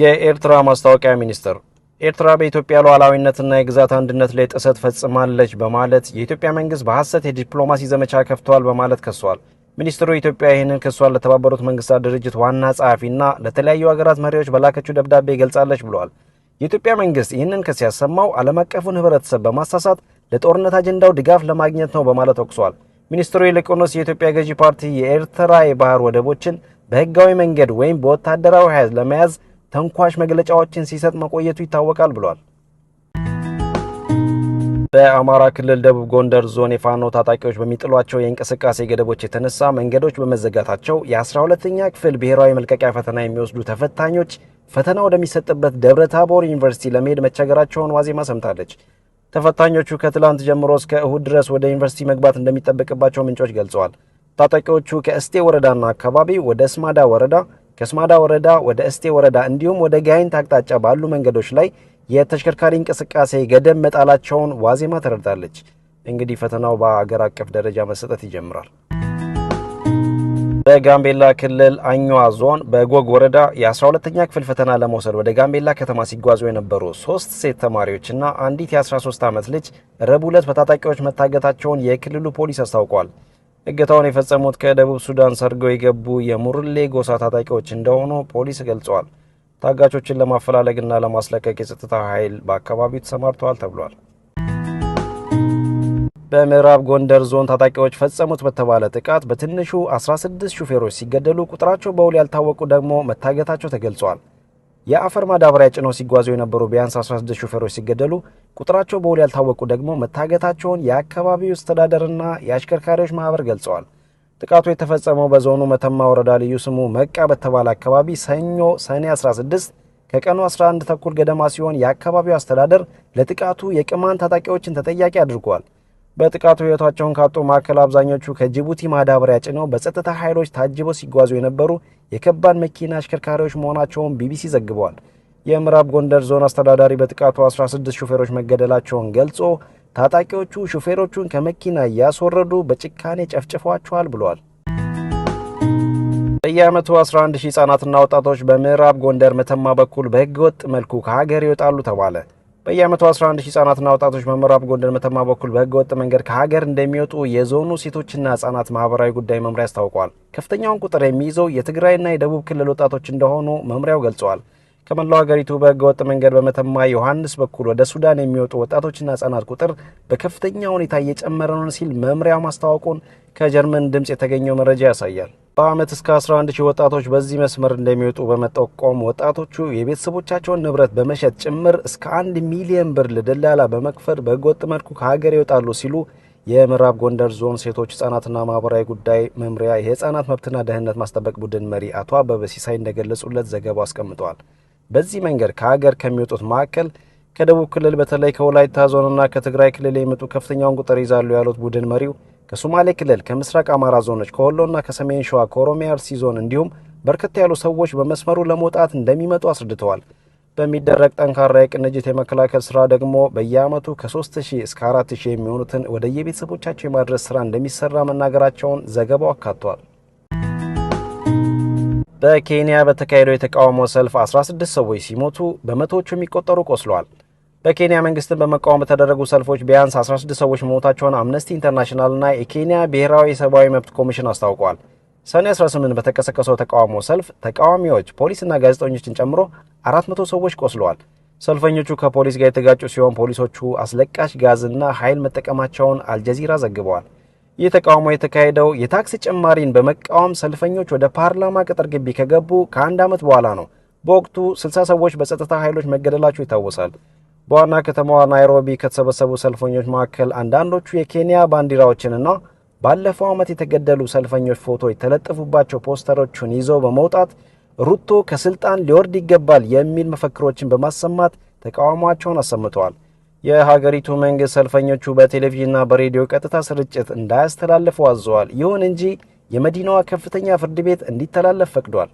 የኤርትራ ማስታወቂያ ሚኒስትር ኤርትራ በኢትዮጵያ ሉዓላዊነትና የግዛት አንድነት ላይ ጥሰት ፈጽማለች በማለት የኢትዮጵያ መንግስት በሐሰት የዲፕሎማሲ ዘመቻ ከፍተዋል በማለት ከሷል። ሚኒስትሩ ኢትዮጵያ ይህንን ክሷን ለተባበሩት መንግስታት ድርጅት ዋና ጸሐፊና ለተለያዩ ሀገራት መሪዎች በላከችው ደብዳቤ ገልጻለች ብለዋል። የኢትዮጵያ መንግስት ይህንን ክስ ያሰማው ዓለም አቀፉን ህብረተሰብ በማሳሳት ለጦርነት አጀንዳው ድጋፍ ለማግኘት ነው በማለት ወቅሷል። ሚኒስትሩ ይልቁንስ የኢትዮጵያ ገዢ ፓርቲ የኤርትራ የባህር ወደቦችን በህጋዊ መንገድ ወይም በወታደራዊ ኃይል ለመያዝ ተንኳሽ መግለጫዎችን ሲሰጥ መቆየቱ ይታወቃል ብሏል። በአማራ ክልል ደቡብ ጎንደር ዞን የፋኖ ታጣቂዎች በሚጥሏቸው የእንቅስቃሴ ገደቦች የተነሳ መንገዶች በመዘጋታቸው የ12ኛ ክፍል ብሔራዊ መልቀቂያ ፈተና የሚወስዱ ተፈታኞች ፈተና ወደሚሰጥበት ደብረ ታቦር ዩኒቨርሲቲ ለመሄድ መቸገራቸውን ዋዜማ ሰምታለች። ተፈታኞቹ ከትላንት ጀምሮ እስከ እሁድ ድረስ ወደ ዩኒቨርሲቲ መግባት እንደሚጠበቅባቸው ምንጮች ገልጸዋል። ታጣቂዎቹ ከእስቴ ወረዳና አካባቢ ወደ እስማዳ ወረዳ ከስማዳ ወረዳ ወደ እስቴ ወረዳ እንዲሁም ወደ ጋይንት አቅጣጫ ባሉ መንገዶች ላይ የተሽከርካሪ እንቅስቃሴ ገደብ መጣላቸውን ዋዜማ ተረድታለች። እንግዲህ ፈተናው በአገር አቀፍ ደረጃ መሰጠት ይጀምራል። በጋምቤላ ክልል አኛዋ ዞን በጎግ ወረዳ የ12ተኛ ክፍል ፈተና ለመውሰድ ወደ ጋምቤላ ከተማ ሲጓዙ የነበሩ ሶስት ሴት ተማሪዎችና አንዲት የ13 ዓመት ልጅ ረቡዕ ዕለት በታጣቂዎች መታገታቸውን የክልሉ ፖሊስ አስታውቋል። እገታውን የፈጸሙት ከደቡብ ሱዳን ሰርገው የገቡ የሙርሌ ጎሳ ታጣቂዎች እንደሆኑ ፖሊስ ገልጿል። ታጋቾችን ለማፈላለግና ለማስለቀቅ የጸጥታ ኃይል በአካባቢው ተሰማርተዋል ተብሏል። በምዕራብ ጎንደር ዞን ታጣቂዎች ፈጸሙት በተባለ ጥቃት በትንሹ 16 ሹፌሮች ሲገደሉ ቁጥራቸው በውል ያልታወቁ ደግሞ መታገታቸው ተገልጿል። የአፈር ማዳበሪያ ጭነው ሲጓዙ የነበሩ ቢያንስ 16 ሹፌሮች ሲገደሉ ቁጥራቸው በውል ያልታወቁ ደግሞ መታገታቸውን የአካባቢው አስተዳደርና የአሽከርካሪዎች ማህበር ገልጸዋል። ጥቃቱ የተፈጸመው በዞኑ መተማ ወረዳ ልዩ ስሙ መቃ በተባለ አካባቢ ሰኞ ሰኔ 16 ከቀኑ 11 ተኩል ገደማ ሲሆን የአካባቢው አስተዳደር ለጥቃቱ የቅማን ታጣቂዎችን ተጠያቂ አድርጓል። በጥቃቱ ሕይወታቸውን ካጡ መካከል አብዛኞቹ ከጅቡቲ ማዳበሪያ ጭነው በጸጥታ ኃይሎች ታጅበው ሲጓዙ የነበሩ የከባድ መኪና አሽከርካሪዎች መሆናቸውን ቢቢሲ ዘግበዋል። የምዕራብ ጎንደር ዞን አስተዳዳሪ በጥቃቱ 16 ሹፌሮች መገደላቸውን ገልጾ ታጣቂዎቹ ሹፌሮቹን ከመኪና እያስወረዱ በጭካኔ ጨፍጭፏቸዋል ብሏል። በየዓመቱ 11 ሺህ ወጣቶች በምዕራብ ጎንደር መተማ በኩል በህገወጥ መልኩ ከሀገር ይወጣሉ ተባለ። በየአመቱ 11 ህጻናትና ወጣቶች በምዕራብ ጎንደር መተማ በኩል በህገወጥ መንገድ ከሀገር እንደሚወጡ የዞኑ ሴቶችና ህጻናት ማህበራዊ ጉዳይ መምሪያ አስታውቋል። ከፍተኛውን ቁጥር የሚይዘው የትግራይና የደቡብ ክልል ወጣቶች እንደሆኑ መምሪያው ገልጸዋል። ከመላው ሀገሪቱ በህገወጥ መንገድ በመተማ ዮሐንስ በኩል ወደ ሱዳን የሚወጡ ወጣቶችና ህጻናት ቁጥር በከፍተኛ ሁኔታ እየጨመረ ነው ሲል መምሪያው ማስታወቁን ከጀርመን ድምፅ የተገኘው መረጃ ያሳያል። በአመት እስከ 11 ሺህ ወጣቶች በዚህ መስመር እንደሚወጡ በመጠቆም ወጣቶቹ የቤተሰቦቻቸውን ንብረት በመሸጥ ጭምር እስከ አንድ ሚሊየን ብር ለደላላ በመክፈል በህገወጥ መልኩ ከሀገር ይወጣሉ ሲሉ የምዕራብ ጎንደር ዞን ሴቶች ህጻናትና ማህበራዊ ጉዳይ መምሪያ የህጻናት መብትና ደህንነት ማስጠበቅ ቡድን መሪ አቶ አበበ ሲሳይ እንደገለጹለት ዘገባው አስቀምጠዋል። በዚህ መንገድ ከሀገር ከሚወጡት መካከል ከደቡብ ክልል በተለይ ከወላይታ ዞንና ከትግራይ ክልል የሚመጡ ከፍተኛውን ቁጥር ይዛሉ ያሉት ቡድን መሪው ከሶማሌ ክልል ከምስራቅ አማራ ዞኖች ከወሎና ከሰሜን ሸዋ ከኦሮሚያ አርሲ ዞን እንዲሁም በርከት ያሉ ሰዎች በመስመሩ ለመውጣት እንደሚመጡ አስረድተዋል። በሚደረግ ጠንካራ የቅንጅት የመከላከል ስራ ደግሞ በየአመቱ ከ3000 እስከ 4000 የሚሆኑትን ወደ የቤተሰቦቻቸው የማድረስ ስራ እንደሚሰራ መናገራቸውን ዘገባው አካቷል። በኬንያ በተካሄደው የተቃውሞ ሰልፍ 16 ሰዎች ሲሞቱ በመቶዎቹ የሚቆጠሩ ቆስለዋል። በኬንያ መንግስትን በመቃወም በተደረጉ ሰልፎች ቢያንስ 16 ሰዎች መሞታቸውን አምነስቲ ኢንተርናሽናልና የኬንያ ብሔራዊ የሰብአዊ መብት ኮሚሽን አስታውቋል። ሰኔ 18 በተቀሰቀሰው ተቃውሞ ሰልፍ ተቃዋሚዎች ፖሊስና ጋዜጠኞችን ጨምሮ 400 ሰዎች ቆስለዋል። ሰልፈኞቹ ከፖሊስ ጋር የተጋጩ ሲሆን ፖሊሶቹ አስለቃሽ ጋዝና ኃይል መጠቀማቸውን አልጀዚራ ዘግበዋል። ይህ ተቃውሞ የተካሄደው የታክስ ጭማሪን በመቃወም ሰልፈኞች ወደ ፓርላማ ቅጥር ግቢ ከገቡ ከአንድ ዓመት በኋላ ነው። በወቅቱ 60 ሰዎች በጸጥታ ኃይሎች መገደላቸው ይታወሳል። በዋና ከተማዋ ናይሮቢ ከተሰበሰቡ ሰልፈኞች መካከል አንዳንዶቹ የኬንያ ባንዲራዎችንና ባለፈው ዓመት የተገደሉ ሰልፈኞች ፎቶ የተለጠፉባቸው ፖስተሮቹን ይዘው በመውጣት ሩቶ ከስልጣን ሊወርድ ይገባል የሚል መፈክሮችን በማሰማት ተቃውሟቸውን አሰምተዋል። የሀገሪቱ መንግስት ሰልፈኞቹ በቴሌቪዥንና በሬዲዮ ቀጥታ ስርጭት እንዳያስተላልፉ አዘዋል። ይሁን እንጂ የመዲናዋ ከፍተኛ ፍርድ ቤት እንዲተላለፍ ፈቅዷል።